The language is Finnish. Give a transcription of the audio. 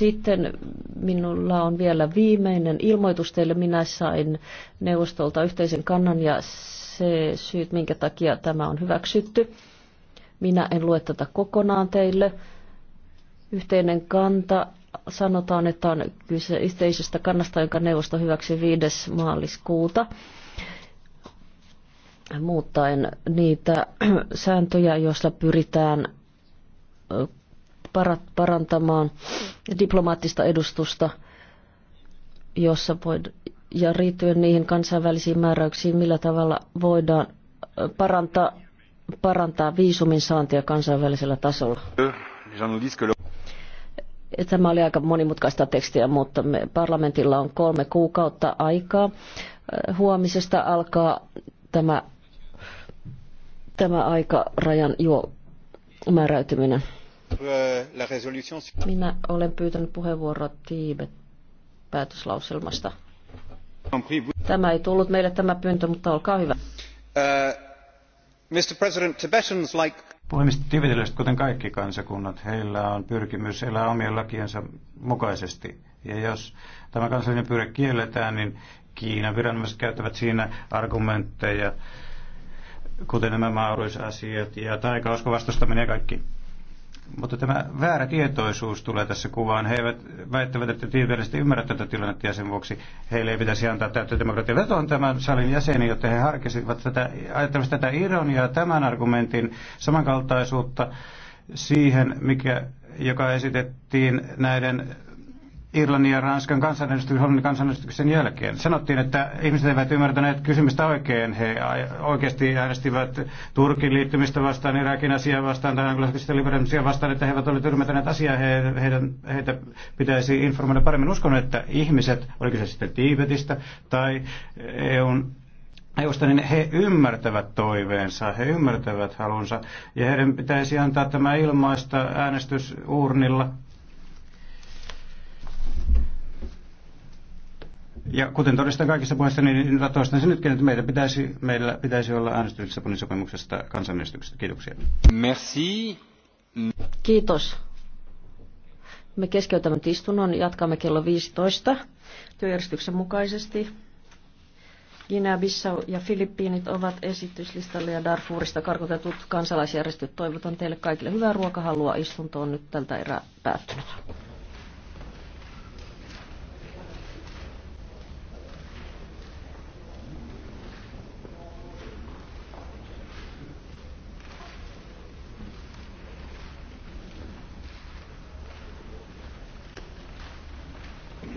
Sitten minulla on vielä viimeinen ilmoitus teille. Minä sain neuvostolta yhteisen kannan ja se syyt, minkä takia tämä on hyväksytty. Minä en lue tätä kokonaan teille. Yhteinen kanta sanotaan, että on kyse yhteisestä kannasta, jonka neuvosto hyväksyi 5. maaliskuuta muuttaen niitä sääntöjä, joissa pyritään parantamaan diplomaattista edustusta, jossa voi, ja riittyen niihin kansainvälisiin määräyksiin, millä tavalla voidaan parantaa, parantaa viisumin saantia kansainvälisellä tasolla. Tämä oli aika monimutkaista tekstiä, mutta me, parlamentilla on kolme kuukautta aikaa. Huomisesta alkaa tämä, tämä aikarajan jo määräytyminen. Euh, Minä olen pyytänyt puheenvuoroa tiimet päätöslauselmasta. Tämä ei tullut meille tämä pyyntö, mutta olkaa hyvä. Uh, Mr. President, Tibetans like... Puhemies, kuten kaikki kansakunnat, heillä on pyrkimys elää omien lakiensa mukaisesti. Ja jos tämä kansallinen pyyre kielletään, niin Kiinan viranomaiset käyttävät siinä argumentteja, kuten nämä mauriusasiat ja taikausko vastustaminen ja kaikki. Mutta tämä väärä tietoisuus tulee tässä kuvaan. He eivät väittävät, että tieteellisesti ymmärrät tätä tilannetta ja sen vuoksi heille ei pitäisi antaa täyttä demokratiaa. Vetoan tämän salin jäseniä, jotta he harkisivat tätä, ajattelevat tätä ironiaa, tämän argumentin samankaltaisuutta siihen, mikä, joka esitettiin näiden Irlannin ja Ranskan kansanäänestyksen, Hollannin kansanäänestyksen jälkeen. Sanottiin, että ihmiset eivät ymmärtäneet kysymystä oikein. He oikeasti äänestivät Turkin liittymistä vastaan, Irakin asiaa vastaan tai anglosaksista liberalismia vastaan, että he eivät ole ymmärtäneet asiaa. He, heidän, heitä pitäisi informoida paremmin. Uskon, että ihmiset, oliko se sitten Tiibetistä tai EUn EUsta, niin he ymmärtävät toiveensa, he ymmärtävät halunsa, ja heidän pitäisi antaa tämä ilmaista äänestysuurnilla Ja kuten todistan kaikissa puheissa, niin toistan sen nytkin, että meidän pitäisi, meillä pitäisi olla äänestys Lissabonin sopimuksesta kansanäänestyksestä. Kiitoksia. Merci. Kiitos. Me keskeytämme istunnon, jatkamme kello 15 työjärjestyksen mukaisesti. Guinea-Bissau ja Filippiinit ovat esityslistalla ja Darfurista karkotetut kansalaisjärjestöt toivotan teille kaikille hyvää ruokahalua. Istunto on nyt tältä erää päättynyt.